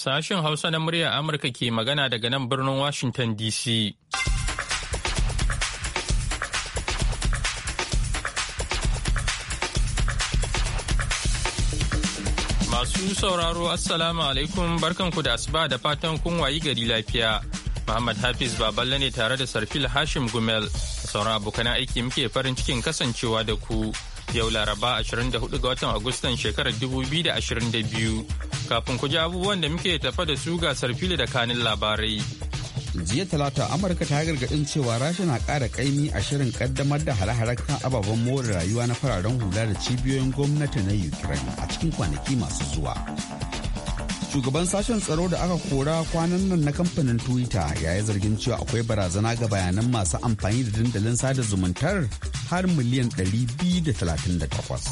Sashen Hausa na murya Amurka ke magana daga nan birnin Washington DC. Masu sauraro Assalamu alaikum barkanku da asuba da fatan kun wayi gari lafiya. Muhammad Hafiz Baballe ne tare da Sarfil Hashim Gumel. Sauran abokan aiki muke farin cikin kasancewa da ku. Yau Laraba 24 ga watan Agustan shekarar 2022 kafin ku ji abubuwan da muke tafa da su gasar fili da kanin labarai. Jiya Talata Amurka ta gargaɗin cewa Rasha na ƙara ƙaimi a shirin ƙaddamar da hare-hare kan ababen more rayuwa na fararen hula da cibiyoyin gwamnati na Ukraine a cikin kwanaki masu zuwa. shugaban sashen tsaro da aka kora kwanan nan na kamfanin twitter ya yi zargin cewa akwai barazana ga bayanan masu amfani da dandalin sada zumuntar har miliyan 238.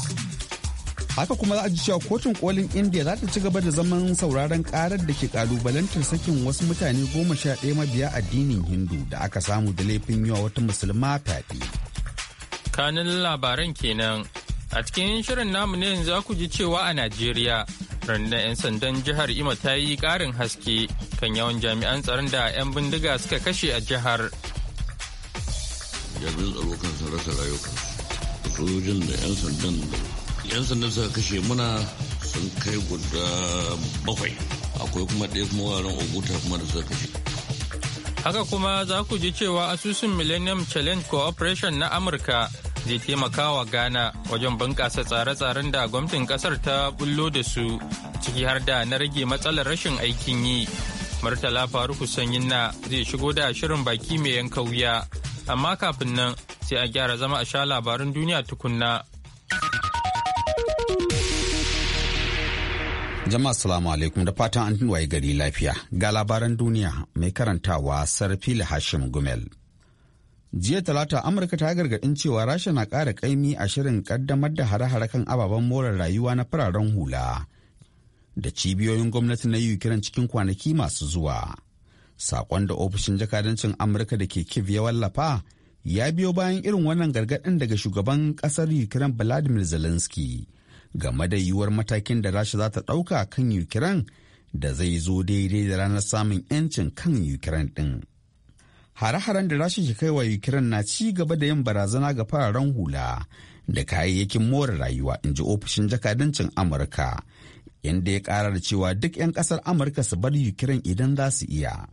haka kuma za a ji cewa kotun kolin india za ta ci gaba da zaman sauraron karar da ke kalubalantar sakin wasu mutane goma sha ɗaya mabiya addinin hindu da aka samu da laifin yawa wata musulma fyaɗe. kanin labaran kenan a cikin shirin namu ne za ku ji cewa a najeriya randa 'yan sandan jihar imo ta yi ƙarin haske kan yawan jami'an tsaron da 'yan bindiga suka kashe a jihar jami'an tsaro kan sun rasa rayuka da sojojin da 'yan sandan da 'yan sandan suka kashe muna sun kai guda bakwai akwai kuma ɗaya kuma wuraren oguta kuma da suka kashe haka kuma za ku ji cewa asusun millennium challenge cooperation na amurka zai taimakawa wa ghana wajen bunƙasa tsare-tsaren da gwamnatin ƙasar ta bullo da su ciki har da na rage matsalar rashin aikin yi murtala faruku sanyin na zai shigo da shirin baki mai yanka wuya amma kafin nan sai a gyara zama a sha labarin duniya tukunna. Jama'a salamu alaikum da fatan an waye gari lafiya ga labaran duniya mai karantawa sarfili Hashim Gumel. Jiya talata Amurka ta gargaɗin cewa Rasha na ƙara ƙaimi a shirin ƙaddamar da hare-hare kan ababen more rayuwa na fararen hula da cibiyoyin gwamnati na yi cikin kwanaki masu zuwa. Sakon da ofishin jakadancin Amurka da ke kiv ya wallafa ya biyo bayan irin wannan gargaɗin daga shugaban ƙasar Ukraine Vladimir Zelensky game da yiwuwar matakin da Rasha za ta ɗauka kan Ukraine da zai zo daidai da ranar samun 'yancin kan Ukraine ɗin. Hare-haren da Rasha ke kai wa Ukraine na ci gaba da yin barazana ga fararen hula da kayayyakin more rayuwa in ji ofishin jakadancin Amurka, inda ya ƙara da cewa duk 'yan ƙasar Amurka su bar Ukraine idan za su iya.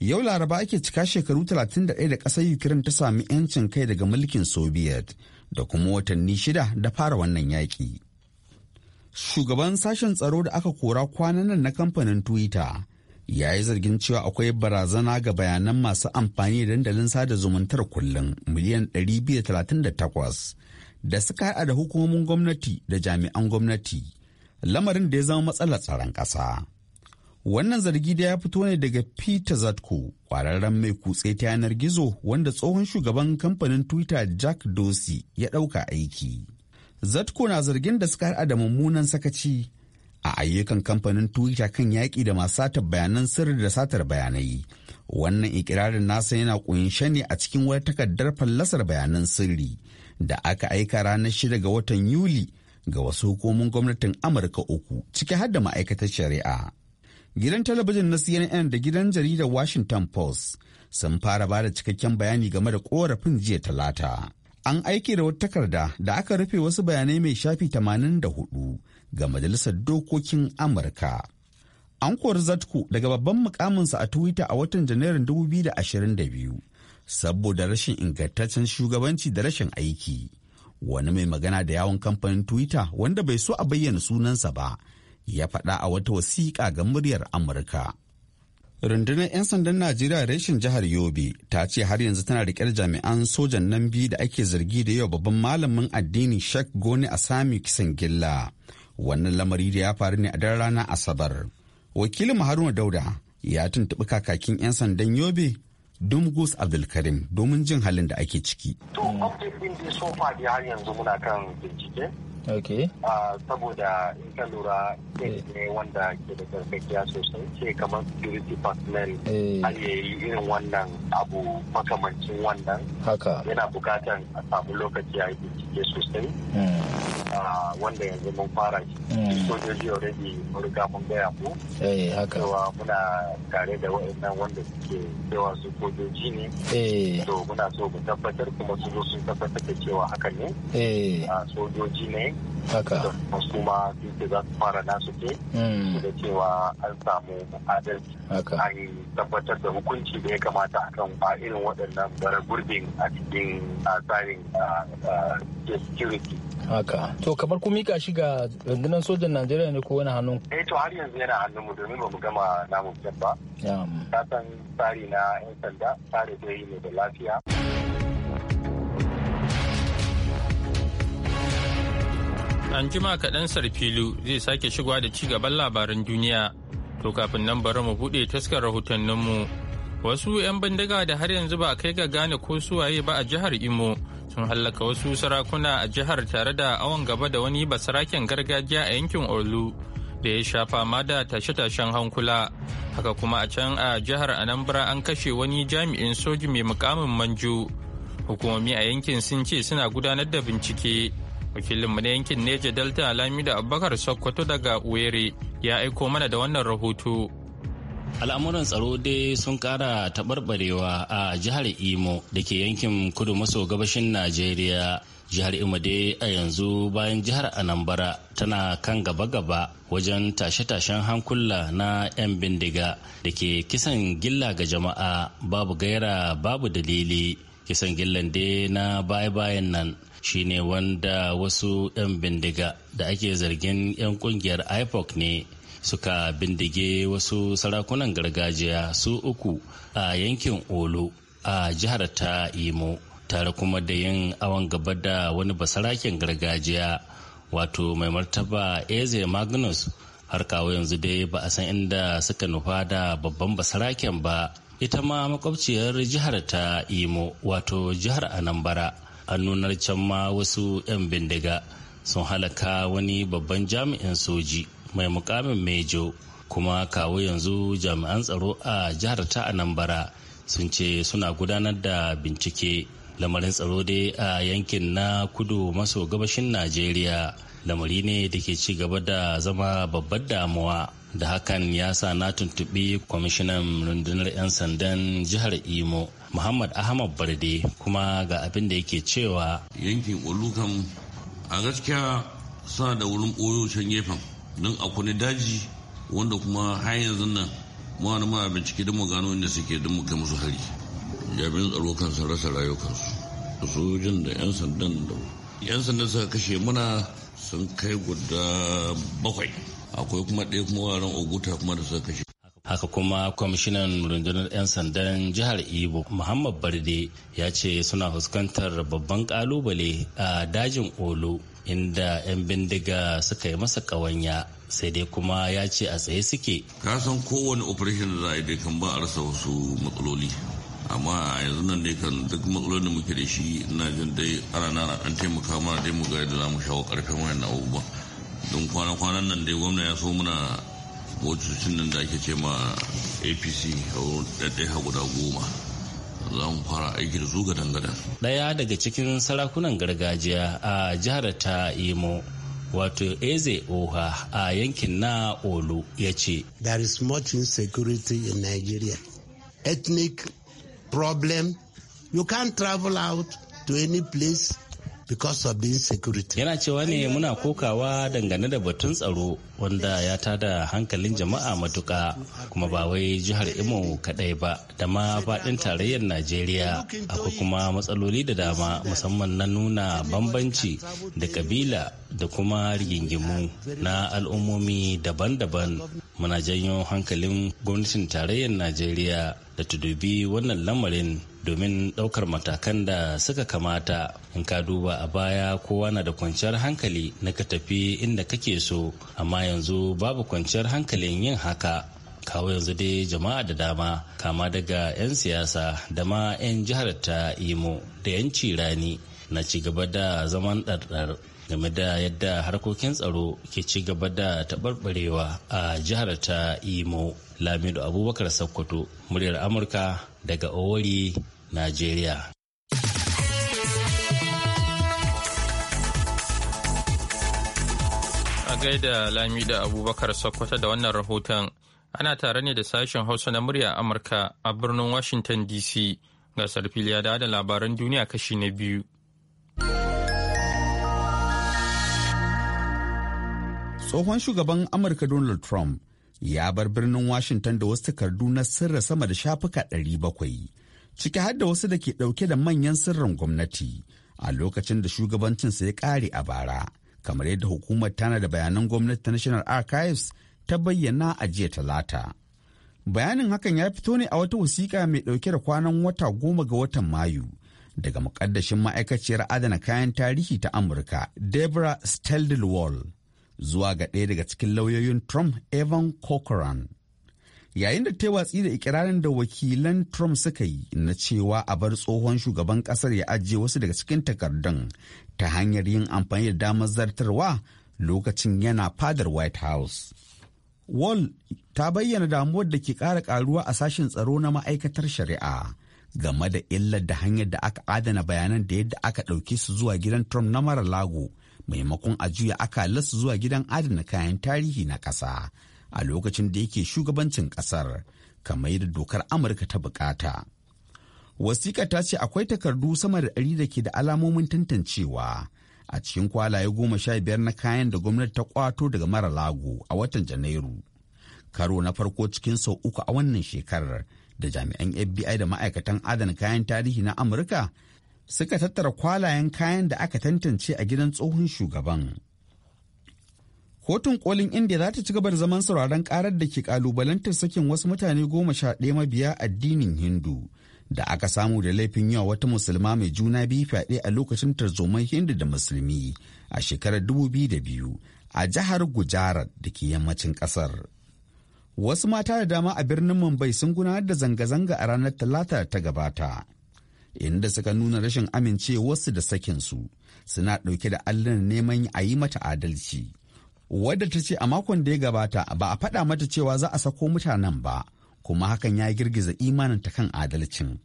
Yau Laraba ake cika shekaru 31 da ƙasar Ukraine ta sami 'yancin kai daga mulkin Soviet da kuma watanni shida da fara wannan yaƙi. Shugaban sashen tsaro da aka kora kwanan nan na kamfanin Twitter ya yi zargin cewa akwai barazana ga bayanan masu amfani da dandalin sada zumuntar kullum miliyan 238 da suka haɗa da hukumomin gwamnati da jami'an gwamnati lamarin da ya zama matsalar tsaron ƙasa. Wannan zargi da ya fito ne daga Peter Zatko, kwararren mai kutse ta yanar gizo wanda tsohon shugaban kamfanin Twitter Jack Dorsey ya ɗauka aiki. Zatko na zargin da suka haɗa da mummunan sakaci a ayyukan kamfanin Twitter kan yaƙi da masu satar bayanan sirri da satar bayanai. Wannan ikirarin nasa yana ƙunshe ne a cikin wata takardar fallasar bayanan sirri da aka aika ranar shida ga watan Yuli ga wasu hukumomin gwamnatin Amurka uku ciki har da ma'aikatar shari'a. Gidan talabijin na CNN da gidan jaridar Washington Post sun fara ba da cikakken bayani game da korafin jiya talata. An aiki da wata takarda da aka rufe wasu bayanai mai shafi 84 ga Majalisar Dokokin Amurka. An kori Zatku daga babban mukaminsa a Twitter a watan Janairun 2022 saboda rashin ingantaccen shugabanci da rashin aiki. Wani mai magana da yawon kamfanin Twitter wanda bai so a bayyana sunansa ba ya faɗa a wata wasiƙa ga muryar amurka rundunar 'yan sandan najeriya reshen jihar yobe ta ce har yanzu tana da riƙe jami'an sojan nan biyu da ake zargi da yau babban malamin addini sheikh goni asami kisan gilla wannan lamari da ya faru ne a daren rana asabar wakilin haruna dauda ya tuntuɓi kakakin 'yan sandan yobe Dumgus Abdulkarim domin jin halin da ake ciki. To, din so far har yanzu muna kan bincike. Ah, saboda in ka lura eh. ne wanda ke da karfafiya sosai ce kamar security personnel eh. har yi irin wannan abu makamancin wannan yana bukatan a samu lokaci a yi bincike sosai hmm. ah, wanda yanzu mun fara shi hmm. sojoji already mun riga mun gaya mu eh, cewa muna tare da wa'annan wanda suke cewa su sojoji ne to muna so mu tabbatar kuma su zo sun tabbatar da cewa haka ne ah, sojoji ne malamai haka su ma sun za su fara nasu ke da hmm. cewa an samu adalci yi tabbatar da hukunci da ya kamata akan ba irin waɗannan bara gurbin a cikin tsarin security haka to kamar ku mika shi ga rundunar sojan najeriya ne ko wani hannun eh to har yanzu yana hannun mu domin ba mu gama namu ba ya san tsari na yan sanda tsari da yi ne da lafiya An jima kaɗan sarfilu zai sake shigowa da ci gaban labaran duniya. To kafin nan bari mu buɗe taskar rahotanninmu. Wasu 'yan bindiga da har yanzu ba kai ga gane ko suwaye ba a jihar Imo sun hallaka wasu sarakuna a jihar tare da awon gaba da wani basaraken gargajiya a yankin Orlu da ya shafa ma da tashe-tashen hankula. Haka kuma a can a jihar Anambra an kashe wani jami'in soji mai mukamin manjo Hukumomi a yankin sun ce suna gudanar da bincike. wakilinmu na yankin neja delta da abubakar sokoto daga uwere ya aiko mana da wannan rahoto al'amuran tsaro dai sun kara taɓarɓarewa a jihar imo da ke yankin kudu maso gabashin najeriya jihar imo dai a yanzu bayan jihar anambara tana kan gaba-gaba wajen tashe-tashen hankula na 'yan bindiga da ke kisan gilla ga jama'a babu gaira babu dalili kisan gillan dai na baya-bayan nan shine wanda wasu 'yan bindiga da ake zargin 'yan kungiyar ipoc ne suka bindige wasu sarakunan gargajiya su uku a yankin Olu a jihar ta imo tare kuma da yin awon gaba da wani basaraken gargajiya wato mai martaba eze magnus har kawo yanzu dai ba a san inda suka nufa da babban basaraken ba ita ma makwabciyar jihar ta imo wato jihar anambra an nunar can ma wasu 'yan bindiga sun halaka wani babban jami'in soji mai mukamin mejo kuma kawo yanzu jami'an tsaro a jihar ta anambra sun ce suna gudanar da bincike lamarin tsaro dai a yankin na kudu maso gabashin najeriya lamari ne da ke ci gaba da zama babbar damuwa da hakan ya sa na tuntuɓi kwamishinan rundunar 'yan sandan jihar imo muhammad ahmad barde kuma ga abin da yake cewa yankin olukan a gaskiya sa da wurin ɓoyo can gefen don akwai daji wanda kuma har yanzu nan mawani muna bincike don mu gano inda suke don mu musu hari jami'in tsaro kan rasa rayukansu da da 'yan sandan da 'yan sandan suka kashe muna sun kai guda bakwai akwai kuma ɗaya kuma wuraren oguta kuma da suka kashe haka kuma kwamishinan rundunar 'yan sandan jihar ibo muhammad barde ya ce suna fuskantar babban kalubale a dajin olo inda 'yan bindiga suka yi masa ƙawanya sai dai kuma ya ce a tsaye suke ka san kowane operation da za a yi kan ba a rasa wasu matsaloli amma a yanzu nan dai kan duk matsalolin da muke da shi ina jin dai ana nana an taimaka mana dai mu ga yadda za mu shawo karfin wayan abubuwa don kwana-kwanan nan dai gwamna ya so muna motocin nan da ake ce ma apc ɗaiɗaya guda goma za mu fara aiki da su gadan ɗaya daga cikin sarakunan gargajiya a jihar ta imo wato eze oha a yankin na olu ya ce there is much insecurity in nigeria ethnic problem you can't travel out to any place because of the insecurity. Yana cewa ne muna kokawa dangane da batun tsaro wanda ya tada hankalin jama'a matuka kuma ba wai jihar Imo kadai ba da ma faɗin tarayyar Najeriya akwai kuma matsaloli da dama musamman na nuna bambanci da kabila da kuma rigingimu na al'ummomi daban-daban muna janyo hankalin gwamnatin tarayyar Najeriya da ta dubi wannan lamarin domin ɗaukar matakan da suka kamata in ka duba a baya kowa na da kwanciyar hankali na ka tafi inda kake so amma yanzu babu kwanciyar hankalin yin haka kawo yanzu dai jama'a da dama kama daga 'yan siyasa da ma 'yan jihar ta imo da 'yan cirani na cigaba gaba da zaman ɗarɗar game da yadda harkokin tsaro ke ci gaba da taɓarɓarewa a jihar ta imo lamido abubakar sokoto muryar amurka daga Owori, Najeriya. A gaida Lamida Abubakar Sokoto da wannan rahoton ana tare ne da sashen Hausa na murya Amurka a birnin Washington DC ga sarfiliya da labaran duniya kashi na biyu. tsohon shugaban amurka donald trump ya bar birnin Washington da wasu takardu na sirra sama da shafuka 700, ciki har da wasu da ke ɗauke da manyan sirrin gwamnati a lokacin da shugabancinsa ya ƙare a bara, kamar yadda hukumar tana da bayanan gwamnati ta National Archives ta bayyana a jiya talata. Bayanin hakan ya fito ne a wata wasiƙa mai ɗauke da kwanan wata goma ga watan Mayu daga muƙaddashin ma'aikaciyar adana kayan tarihi ta Amurka, Deborah Steldelwall. zuwa ga ɗaya daga cikin lauyoyin Trump Evan Corcoran. Yayin da watsi da ikirarin da wakilan Trump suka yi na cewa a bar tsohon shugaban ƙasar ya ajiye wasu daga cikin takardun ta hanyar yin amfani da damar zartarwa lokacin yana fadar White House. Wall ta bayyana damuwar da ke ƙara ƙaruwa a sashen tsaro na ma'aikatar shari'a game da illar da hanyar da aka adana bayanan da yadda aka ɗauke su zuwa gidan Trump na mara lago maimakon a aka akalarsu zuwa gidan adana kayan tarihi na ƙasa a lokacin da yake shugabancin ƙasar kamar yadda dokar amurka ta bukata wasiƙa ta ce akwai takardu sama da ɗari da ke da alamomin tantancewa a cikin kwalaye goma sha biyar na kayan da gwamnati ta kwato daga mara lago a watan janairu karo na farko cikin sau uku a wannan shekarar da jami'an fbi da ma'aikatan adana kayan tarihi na amurka suka tattara kwalayen kayan da aka tantance a gidan tsohon shugaban. Kotun kolin India za ta ci gaba da zaman sauraron karar da ke kalubalantar sakin wasu mutane goma sha ɗaya mabiya addinin Hindu da aka samu da laifin yawa wata musulma mai juna biyu fyaɗe a lokacin tarzoman Hindu da musulmi a shekarar biyu a jihar Gujarat da ke yammacin ƙasar. Wasu mata da dama a birnin Mumbai sun gudanar da zanga-zanga a ranar Talata ta gabata. inda suka nuna rashin amincewarsu da sakinsu suna ɗauke da allan neman a yi mata adalci wadda ta ce a makon da ya gabata ba a faɗa mata cewa za a sako mutanen ba kuma hakan ya girgiza imaninta kan adalcin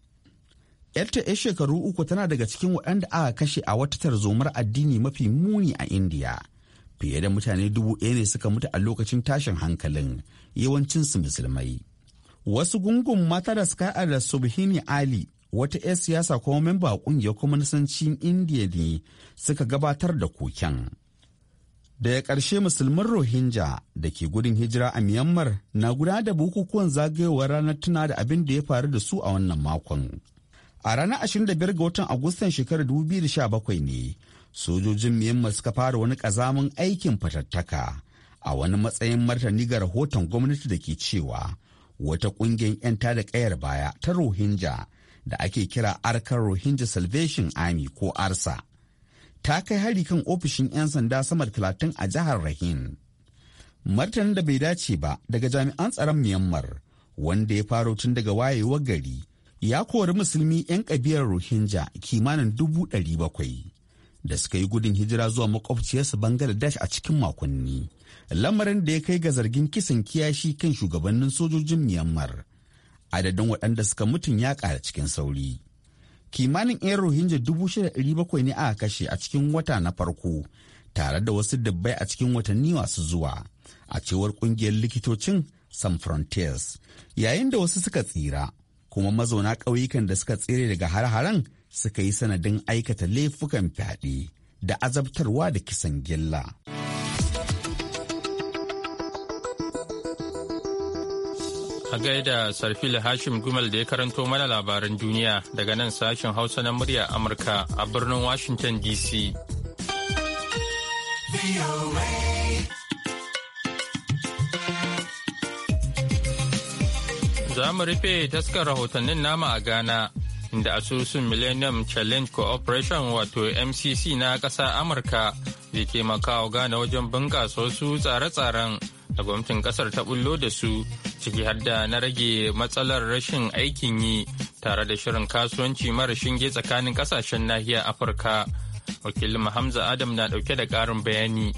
yarta ya shekaru uku tana daga cikin waɗanda aka kashe a wata tarzomar addini mafi muni a indiya fiye da mutane dubu ɗaya ne suka mutu a lokacin tashin hankalin yawancinsu musulmai wasu gungun mata da suka da subhini ali wata 'yar siyasa kuma memba a ƙungiyar kwamnisancin indiya ne suka gabatar da koken daga ƙarshe musulman rohingya da ke gudun hijira a myanmar na guda da bukukuwan zagayowar ranar tuna da abin da ya faru da su a wannan makon a ranar 25 ga watan agustan shekarar 2017 ne sojojin myanmar suka fara wani ƙazamin aikin fatattaka a wani matsayin martani ga rahoton gwamnati da ke cewa wata ƙungiyar 'yan tada ƙayar baya ta rohingya da ake kira arkar rohingya salvation army ko arsa ta kai hari kan ofishin 'yan sanda sama da talatin a jihar rahin martanin da bai dace ba daga jami'an tsaron myanmar wanda ya faro tun daga wayewar gari ya kori musulmi 'yan ƙabilar rohingya kimanin dubu ɗari bakwai da suka yi gudun hijira zuwa makwabciyarsa bangladesh a cikin makonni lamarin da ya kai ga zargin kisan kiyashi kan shugabannin sojojin myanmar adadin waɗanda suka mutun ya ƙara cikin sauri kimanin 'yan rohingya bakwai ne aka kashe a cikin wata na farko tare da wasu dabbai a cikin watanni masu zuwa a cewar ƙungiyar likitocin san frontiers yayin da wasu suka tsira kuma mazauna ƙauyukan da suka tsere daga har-haren suka yi sanadin aikata laifukan fyaɗe da azabtarwa da kisan gilla. A gaida Sarfil Hashim Gumel da ya karanto mana labaran duniya daga nan sashen Hausa na murya Amurka a birnin Washington DC. Za mu rufe taskar rahotannin nama a Ghana. inda asusun millennium challenge cooperation wato mcc na ƙasa amurka zai makawa gane wajen bunƙasa wasu tsare-tsaren da gwamnatin ƙasar ta bullo da su ciki har da na rage matsalar rashin aikin yi tare da shirin kasuwanci mara shinge tsakanin kasashen nahiyar afirka wakilin hamza adam na dauke da karin bayani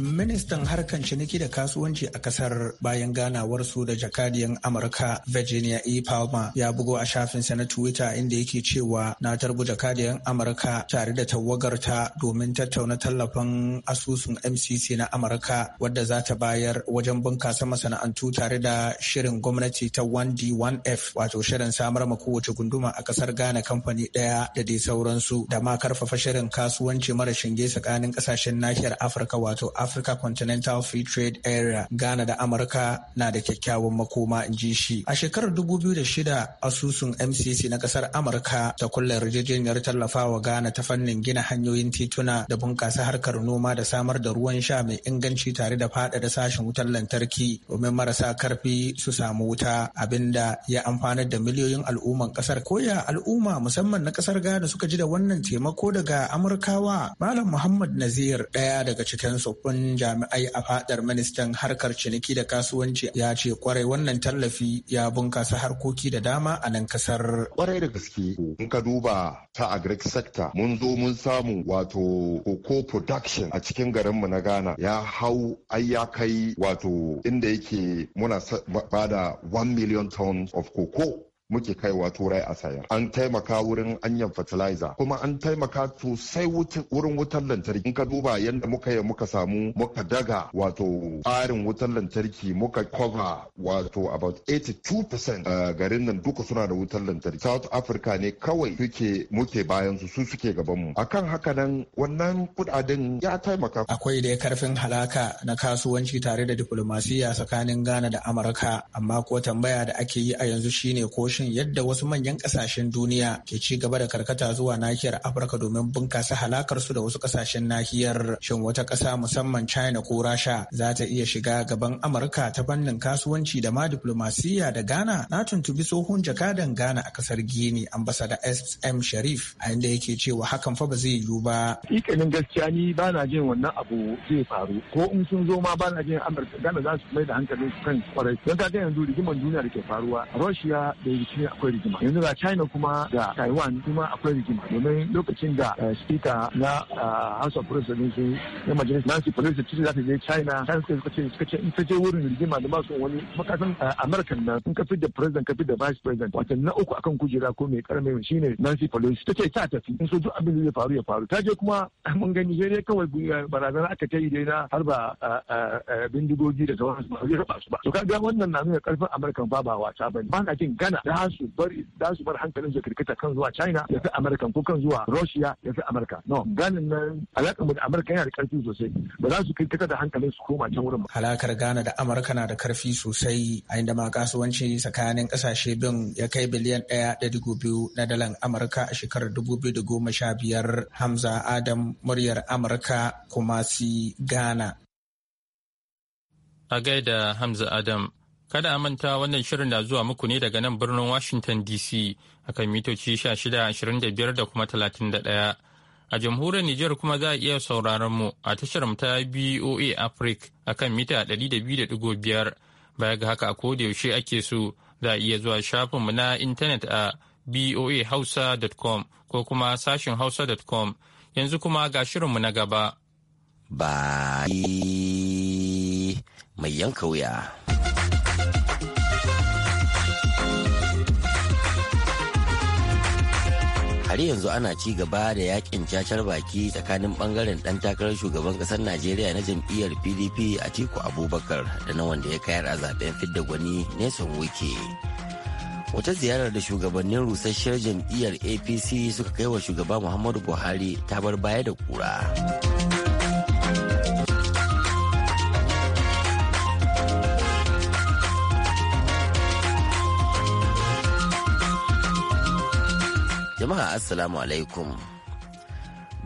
Ministan harkan ciniki da kasuwanci a kasar bayan ganawar su da jakadiyan Amurka Virginia E. Palmer ya bugo a shafinsa na Twitter inda yake cewa na tarbu jakadiyan Amurka tare da tawagarta domin tattauna tallafin asusun MCC na Amurka wadda za ta bayar wajen bunkasa masana'antu tare da shirin gwamnati ta 1D1F wato shirin samar ma kowace gunduma a kasar Ghana kamfani ɗaya da dai sauransu da ma karfafa shirin kasuwanci mara shinge tsakanin kasashen nahiyar Afirka wato Africa Continental Free Trade Area Ghana da Amurka na da kyakkyawan makoma in ji shi. A shekarar 2006 asusun MCC na kasar Amurka ta kulla yarjejeniyar tallafawa Ghana ta fannin gina hanyoyin tituna da bunƙasa harkar noma da samar da ruwan sha mai inganci tare da faɗaɗa sashen wutar lantarki domin marasa karfi su samu wuta abinda ya amfanar da miliyoyin al'umman kasar koya al'umma musamman na kasar Ghana suka ji da wannan taimako daga Amurkawa Malam Muhammad Nazir ɗaya daga cikin su Zaɓaɓɓun jami'ai a fadar ministan harkar ciniki da kasuwanci ya ce kwarai wannan tallafi ya bunkasa harkoki da dama a nan kasar. Kwarai da gaske in ka duba ta agric sector mun zo mun samu wato koko production a cikin garinmu na Ghana ya hau ai kai wato inda yake muna bada 1 million tons of cocoa muke kaiwa turai a sayar an taimaka wurin anyan fertilizer kuma an taimaka sosai wurin wutar lantarki in ka duba yadda muka yi muka samu muka daga wato tsarin wutar lantarki muka cover wato about 82% eh, garin nan duka suna da wutar lantarki south africa ne kawai suke muke bayan su suke gaban mu akan haka nan wannan kudaden ya taimaka akwai da karfin halaka na kasuwanci tare da diplomasiya tsakanin ghana da amurka amma ko tambaya da ake yi a yanzu shine ko shi. rashin yadda wasu manyan kasashen duniya ke ci gaba da karkata zuwa nahiyar Afirka domin bunkasa halakar su da wasu kasashen nahiyar. Shin wata kasa musamman China ko Rasha za ta iya shiga gaban Amurka ta fannin kasuwanci da ma diplomasiya da Ghana? Na tuntubi tsohon jakadan Ghana a kasar Gini, ambasada SM Sharif, a inda yake cewa hakan fa ba zai yiwu ba. Ikanin gaskiya ni ba na jin wannan abu zai faru ko in sun zo ma ba na jin Amurka Ghana za su mai da hankali su kan kwarai. Don ga yanzu rigimar duniya da ke faruwa Russia da shi akwai rigima yanzu ga china kuma da taiwan kuma akwai rigima domin lokacin da eh, speaker na eh, house of representatives na majalisa nancy pelosi ce za ta je china china suka ce suka ce in ta je wurin rigima da masu wani makasan eh, american na sun ka fi da president ka fi da vice president wato na uku akan kujera ko mai shi shine nancy pelosi ta ce ta tafi in so duk abin da zai faru ya faru ta je kuma mun gani sai dai kawai barazana aka ta yi dai na harba bindigogi da sauransu ba zai raba su ba to kaga wannan na nuna karfin american ba ba wasa bane ba na jin gana da za su bari za su bar hankalin su kirkita kan zuwa China ya fi Amurka ko kan zuwa Russia ya fi Amurka. no ganin nan alaƙar mu da Amurka yana da ƙarfi sosai ba za su kirkita da hankalin su koma can wurin ba halakar Ghana da Amurka na da karfi sosai a inda ma kasuwanci tsakanin kasashe bin ya kai biliyan ɗaya da digo biyu na dalan Amurka a shekarar dubu biyu da goma sha biyar Hamza Adam muryar Amurka kuma si Ghana. A gaida Hamza Adam Kada a manta wannan shirin na zuwa muku ne daga nan birnin Washington DC akan mitoci 1625 da kuma 31. A jamhuriyar Nijar kuma za a iya sauraron mu a tashar ta BOA Africa akan mita 200.5 baya ga haka a yaushe ake so za a iya zuwa shafinmu na intanet a boahausa.com ko kuma sashin hausa.com yanzu kuma ga shirinmu na gaba. Baki mai yanka wuya. har yanzu ana ci gaba da yakin cacar baki tsakanin bangaren dan takarar shugaban kasar najeriya na jam'iyyar pdp a tiku abubakar da na wanda ya kayar a zaben fidda gwani nesa wuke wata ziyarar da shugabannin rusasshiyar jam'iyyar apc suka kai wa shugaba muhammadu buhari ta bar baya da kura. Jama'a Assalamu alaikum.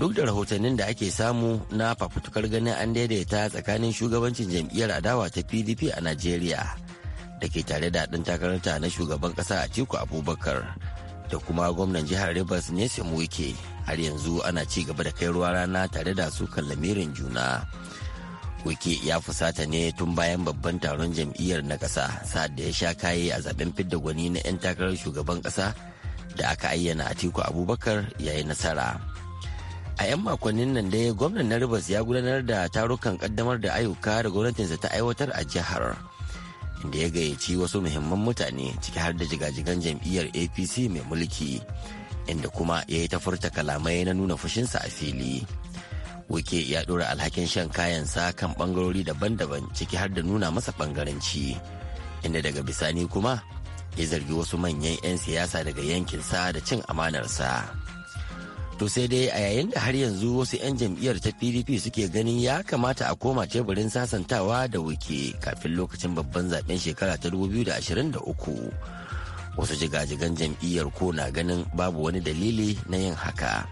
Duk da rahotannin da ake samu na fafutukar ganin an daidaita tsakanin shugabancin jam'iyyar adawa ta PDP a Najeriya da ke tare da ɗin takararta na shugaban ƙasa a ciku Abubakar da kuma gwamnan jihar Rivers Nyesom Wike har yanzu ana ci gaba da kai ruwa rana tare da su lamirin juna. Wike ya fusata ne tun bayan babban taron jam'iyyar na ƙasa sa'ad da ya sha kaye a zaben fidda gwani na 'yan takarar shugaban ƙasa da aka ayyana a tiku Abubakar ya yi nasara. A 'yan makonnin nan dai gwamnan na Rivers ya gudanar da tarukan kaddamar da ayyuka da gwamnatinsa ta aiwatar a jihar. Inda ya gayyaci wasu muhimman mutane ciki har da jigajigan jam'iyyar APC mai mulki. Inda kuma ya yi ta furta kalamai na nuna fushinsa a fili. Wuke ya ɗora alhakin shan kayansa kan ɓangarori daban-daban ciki har da nuna masa bangaranci Inda daga bisani kuma ya zargi wasu manyan 'yan siyasa daga yankin sa da cin amanarsa. To sai dai a yayin da har yanzu wasu 'yan jam'iyyar ta PDP suke ganin ya kamata a koma teburin sasantawa da wuke kafin lokacin babban zaben shekara ta 2023. Wasu jigajigan jam'iyyar ko na ganin babu wani dalili na yin haka.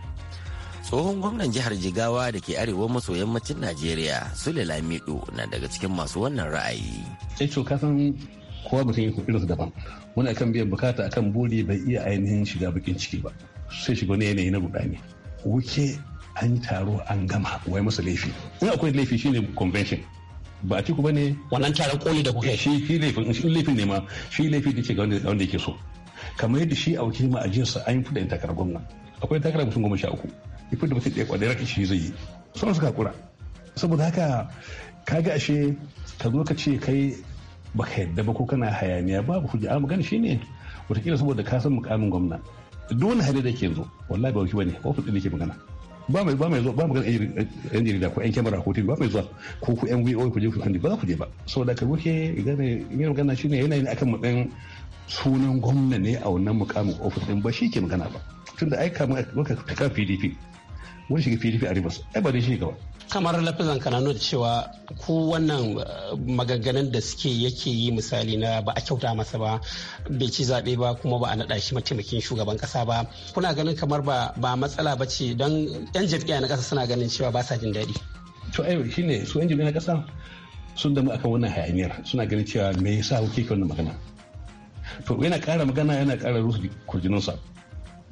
Tsohon gwamnan jihar Jigawa da ke arewa maso yammacin Najeriya, Sule Lamido na daga cikin masu wannan ra'ayi. Eh kowa mutum iko irinsa daban muna kan biyan bukata akan buri bai iya ainihin shiga bakin ciki ba sai shiga wani yanayi na rudani wuke an yi taro an gama wai masa laifi in akwai laifi shine convention ba a ciku ba ne wannan taron koli da kuke shi shi laifin shi laifin ne ma shi laifi da ke ga wanda yake so kamar yadda shi a wakil ma ajiyarsa an yi fuda in takarar gwamna akwai takarar mutum goma sha uku ya fita mutum ɗaya kwadai raka shi zai yi sauran suka kura saboda haka kaga ashe ka zo ka ce kai baka yadda ba ko kana hayaniya babu hujja amma gani shine wataƙila saboda ka san mukamin gwamna duk wani hali da ke zo wallahi ba wuki bane ofis din ke magana ba mai ba mai zo ba magana yan jarida ko yan kamera ko tv ba mai zuwa ko ku yan VOA ku je ku sani ba za ku je ba saboda ka ruke gane yin magana shine yana yin akan matsayin sunan gwamna ne a wannan mukamin ofis din ba shi ke magana ba tunda ai kamar ka ta PDP wani shiga PDP a Rivers ai ba dai shi gaba kamar lafizan kanano da cewa ku wannan eh, maganganun da suke yake yi misali na ba a kyauta masa ba bai ci zaɓe ba kuma ba a naɗa shi mataimakin shugaban ƙasa ba kuna ganin kamar ba ba matsala ba ce don yan jam'iyya na ƙasa suna ganin cewa ba sa jin daɗi. to ayo shine su yan jam'iyya na ƙasa sun damu akan wannan hayaniyar suna ganin cewa me yasa kuke wannan magana to yana ƙara magana yana ƙara rusa kurjinansa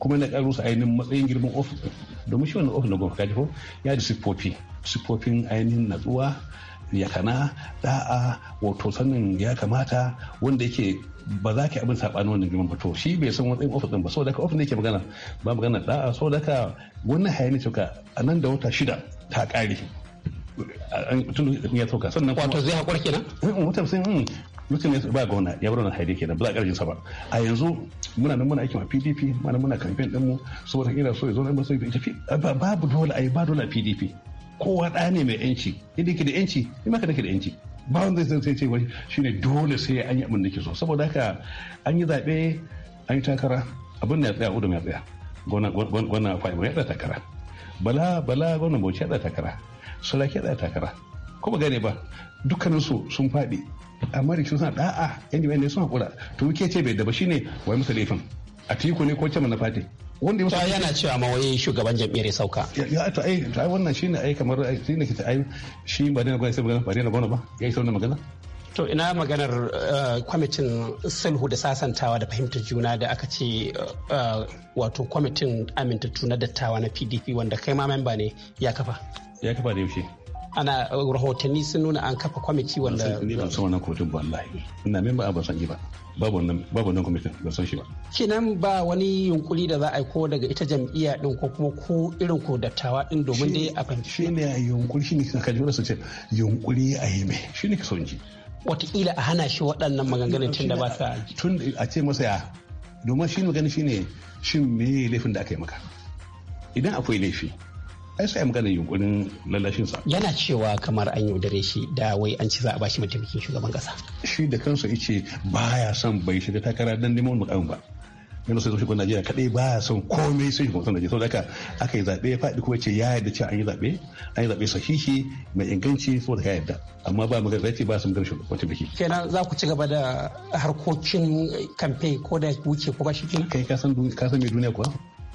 kuma na karo su ainihin matsayin girman ofis domin shi wannan ofis na gwamnati kaji ko ya da siffofi siffofin ainihin natsuwa yakana da'a wato sanin ya kamata wanda yake ba za ki abin saɓani wannan girman ba to shi bai san wani ofis din ba So daga ofis ne ke magana ba magana da'a so daga wannan hayani suka a nan da wata shida ta ƙare tun ya sauka sannan wato zai haƙura kenan mm, mm, wata sun mutum ne ba gwamna ya bari na haide kenan ba za a karjin sa ba a yanzu muna nan muna aiki a PDP muna muna kamfen din mu saboda ina so ya zo nan ba ita ya tafi babu dole ai ba dole a PDP kowa ɗaya ne mai yanci idan ke da yanci ni ma ka da yanci ba wanda zai sai ce wai shine dole sai an yi abin da ke so saboda haka an yi zaɓe an yi takara abin da ya tsaya udum ya tsaya gwana fa'ima ya tsaya takara bala bala gwamna bauchi ya tsaya takara sulaki ya tsaya takara ko ba gane ba dukkaninsu sun faɗi amma da suna da'a yan jami'a ne sun haƙura to wuke ce bai daba shine wai musu laifin a tiku ne ko ce na fati wanda musu yana cewa ma wai shugaban jam'iyyar ya sauka ya to ai ta ai wannan shine ai kamar shine ke ai shi ba dana gwai sai magana ba dana bono ba ya yi magana to ina maganar eh, kwamitin sulhu da sasantawa da fahimtar juna da aka ce eh, eh, wato kwamitin amintattu na dattawa na pdp wanda kai ma memba ne ya kafa ya kafa da yaushe ana rahotanni sun nuna an kafa kwamiti wanda ni ban san wannan kwamitin ba wallahi ina ba ban san ba babu wannan babu wannan kwamitin ban san shi ba Kinan ba wani yunkuri da za a yi ko daga ita jam'iyya din ko kuma ku irin ko dattawa din domin dai a fahimci shi ne a yunkuri shi ne kaji ji wannan sace yunkuri a yi mai shi ne ka son ji Wataƙila a hana shi waɗannan maganganun tun da ba sa tun a ce masa ya domin shi magana shi ne shin me laifin da aka yi maka idan akwai laifi ai sai magana yunkurin lallashin sa yana cewa kamar an yaudare shi da wai an ci za a bashi mataimakin shugaban kasa shi da kansa yace baya son bai shiga takara dan neman mukamin ba yana sai shugaban Najeriya kadai baya son komai sai shugaban Najeriya saboda haka aka yi zabe ya faɗi kuma ce ya yarda cewa an yi zabe an yi zabe sahihi mai inganci saboda ya yarda amma ba magana zai ce ba son magana shugaban biki kenan za ku ci gaba da harkokin kamfe ko da wuce ko ba shi kenan kai ka san ka san me duniya kuwa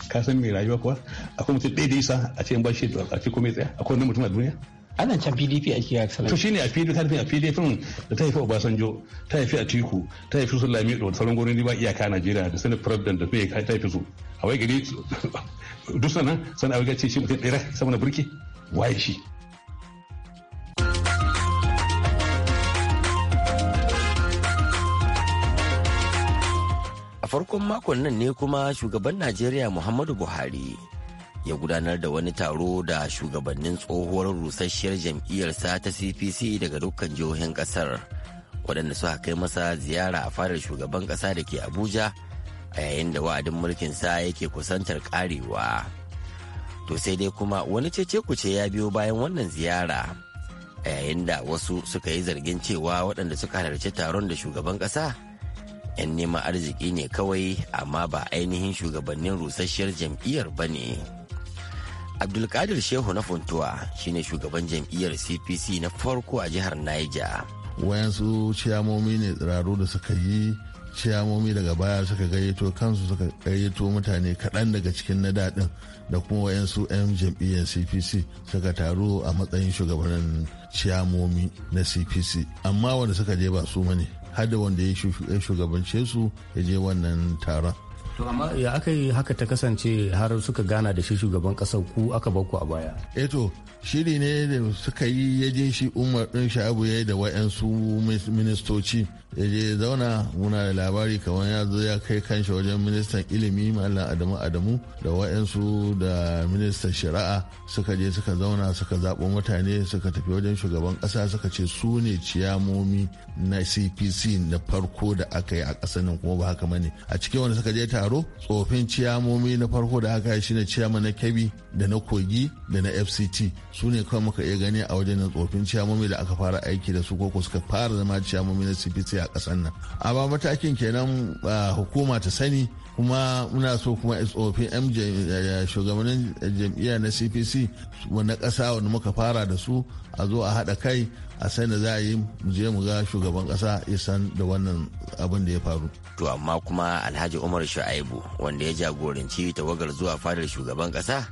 ka san mai rayuwa kuwa akwai mutum ɗaya da isa a cikin bashi da tsarki ko mai tsaya akwai wani mutum a duniya ana can pdp a kiyar salami to shine a pdp ta tafi a pdp da ta haifi obasanjo ta haifi a tiku ta haifi su lami da sauran gurin ba iyaka a najeriya da sanin president da fiye ta haifi su a wai gari duk sanan sanin a wai gace shi mutum ɗaya saboda burki waye shi farkon makon nan ne kuma shugaban najeriya muhammadu buhari ya gudanar da wani taro da shugabannin tsohuwar rusasshiyar jam'iyyarsa ta cpc daga dukkan jihohin kasar waɗanda suka kai masa ziyara a fadar shugaban ƙasa da ke abuja a yayin da wa'adin mulkinsa yake kusantar karewa to sai dai kuma wani cece kuce ya biyo bayan wannan ziyara a yayin da wasu suka yi zargin cewa waɗanda suka halarci taron da shugaban ƙasa 'yan neman arziki ne kawai amma ba ainihin shugabannin rusasshiyar jam'iyyar ba ne abdulkadir shehu na funtuwa shine shugaban jam'iyyar cpc na farko a jihar niger wayansu ciyamomi ne tsiraru da suka yi ciyamomi daga baya suka gayyato kansu suka gayyato mutane kaɗan daga cikin na daɗin da kuma wayansu 'yan jam'iyyar cpc suka taru a matsayin shugabannin ciyamomi na cpc amma wanda suka je ba su mane hada wanda ya shugabance su ya je wannan taron to amma ya aka yi haka ta kasance har suka gana da shi shugaban kasar ku aka bar ku a baya eh to shiri ne da suka yi ya je shi umar din sha'abu ya yi da wa'yansu ministoci ya je zauna muna da labari kamar ya zo ya kai kanshi wajen ministan ilimi mallam adamu adamu da wa'yansu da ministan shari'a suka je suka zauna suka zaɓo mutane suka tafi wajen shugaban ƙasa suka ce su ne ciyamomi na cpc na farko da aka yi a ƙasar nan kuma ba haka mani a cikin wani suka je taro taro tsofin ciyamomi na farko da aka shi shine ciyama na kebbi da na kogi da na fct su ne kawai muka iya gani a wajen tsofin ciyamomi da aka fara aiki da su koko suka fara zama ciyamomi na cpc a kasan nan a ba matakin kenan ah, hukuma ta sani kuma muna so kuma tsofin mj shugabannin jam'iyya na cpc wani ƙasa wanda muka fara da su a zo a haɗa kai a sai da za a yi je mu ga shugaban ƙasa isan da wannan abin da ya faru. to amma kuma alhaji umar shu'aibu wanda ya jagoranci tawagar zuwa fadar shugaban ƙasa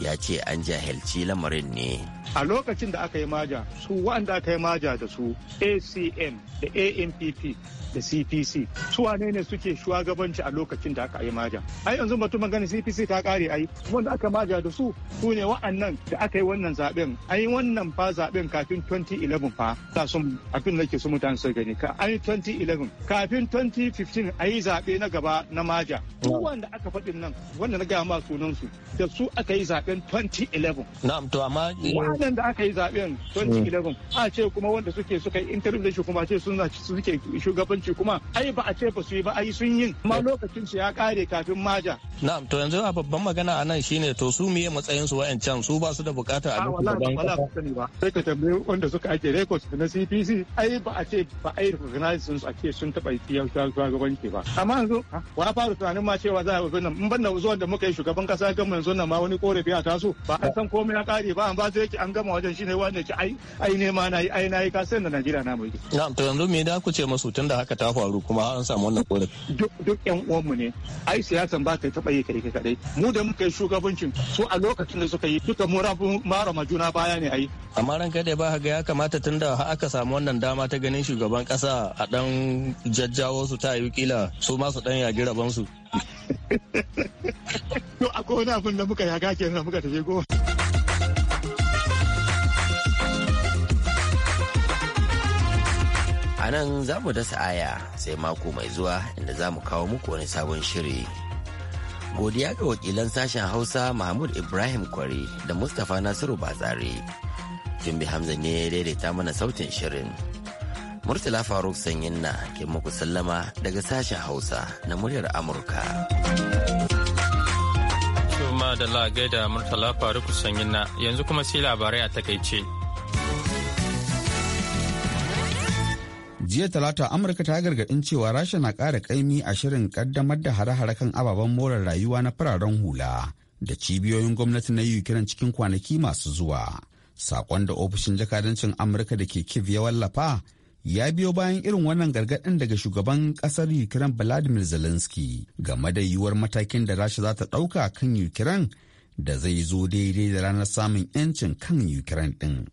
ya ce an jahilci lamarin ne. A lokacin da aka yi maja, su waɗanda aka yi maja da su ACN da ANPP da CPC, su wane ne suke shugabanci a lokacin da aka yi maja. Ai yanzu batu maganin CPC ta ƙare ai, wanda aka maja da su su ne wa'annan da aka yi wannan zaɓen. An yi wannan fa zaɓen kafin 2011 fa, ta sun abin da ke su mutane su gani. Ka an yi 2011, kafin 2015 a yi zaɓe na gaba na maja. Su wanda aka faɗin nan, wanda na gaya ma sunansu, da su aka yi zaɓe. zaben 2011 na'am to amma eh, wannan da aka yi zaben 2011 mm. a ce kuma wanda suke suka yi interview da shi kuma ce sun zaci suke shugabanci kuma ai ba a ce ba su yi ba ai sun yin amma lokacin su ya kare kafin maja na'am to yanzu a babban magana a nan shine to su miye matsayin su wa'ancan su ba su da bukata a lokacin gaban sai ka tambaye wanda suka ake records na CPC ai ba a ce ba ai recognize sun ake sun taba shugabanci ba amma yanzu wa fara tunanin ma cewa za a yi wannan in ban da zuwan da muka yi shugaban kasa kan yanzu na ma wani korafi duniya ta so ba a san komai ya kare ba an ba zai yake an gama wajen shine wanda ke ai ai ne ma na yi ai na yi kasan da Najeriya na mu yi na'am to yanzu me da ku ce tun da haka ta faru kuma an samu wannan korafi duk duk yan uwan mu ne ai siyasan ba ta taba yi kai kai mu da muka yi shugabancin su a lokacin da suka yi duka mu rafu mara majuna baya ne ai amma ran kada ba ga ya kamata tun tunda aka samu wannan dama ta ganin shugaban kasa a dan jajjawo su ta yi kila su ma su dan yagi rabansu to akwai wani abin da muka yaga kenan muka tafi go. a nan za mu dasa aya sai mako mai zuwa inda za mu kawo muku wani sabon shiri godiya ga wakilan sashen hausa mahmud ibrahim kwari da mustapha nasiru batsari bi hamza ne ya daidaita mana sautin shirin Murtala Faruk Sanyin na ke muku sallama daga sashen Hausa na muryar Amurka. shuma da lagai da Murtala Faruk Sanyin na yanzu kuma sai labarai a takaice. jiya talata amurka ta gargadin cewa rasha na ƙara ƙaimi a shirin ƙaddamar da hare-hare kan ababen more rayuwa na fararen hula da cibiyoyin gwamnati na ukraine cikin kwanaki masu zuwa sakon da ofishin jakadancin amurka da ke kiv ya wallafa ya biyo bayan irin wannan gargaɗin daga shugaban ƙasar Ukraine Vladimir Zelensky game da yiwuwar matakin da Rasha za ta ɗauka kan Ukraine da zai zo daidai da ranar samun 'yancin kan Ukraine din.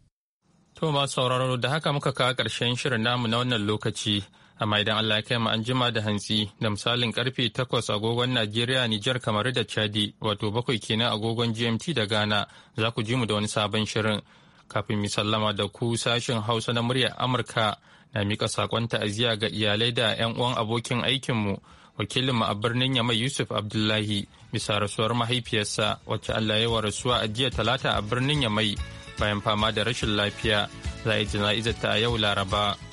To masu sauraro da haka muka kawo karshen shirin namu na wannan lokaci, amma idan Allah ya kai mu an jima da hantsi da misalin karfe takwas agogon Najeriya, Nijar, kamar da Chadi, wato bakwai kenan agogon GMT da Ghana, za ku ji mu da wani sabon shirin. Kafin mi sallama da ku sashen Hausa na muryar Amurka na miƙa saƙon ta'aziyya ga iyalai da 'yan uwan abokin aikinmu wakilinmu a birnin yamai yusuf abdullahi bisa rasuwar mahaifiyarsa wacce allah ya wa rasuwa a jiya talata a birnin yamai bayan fama da rashin lafiya za a yi jana'izar ta a yau laraba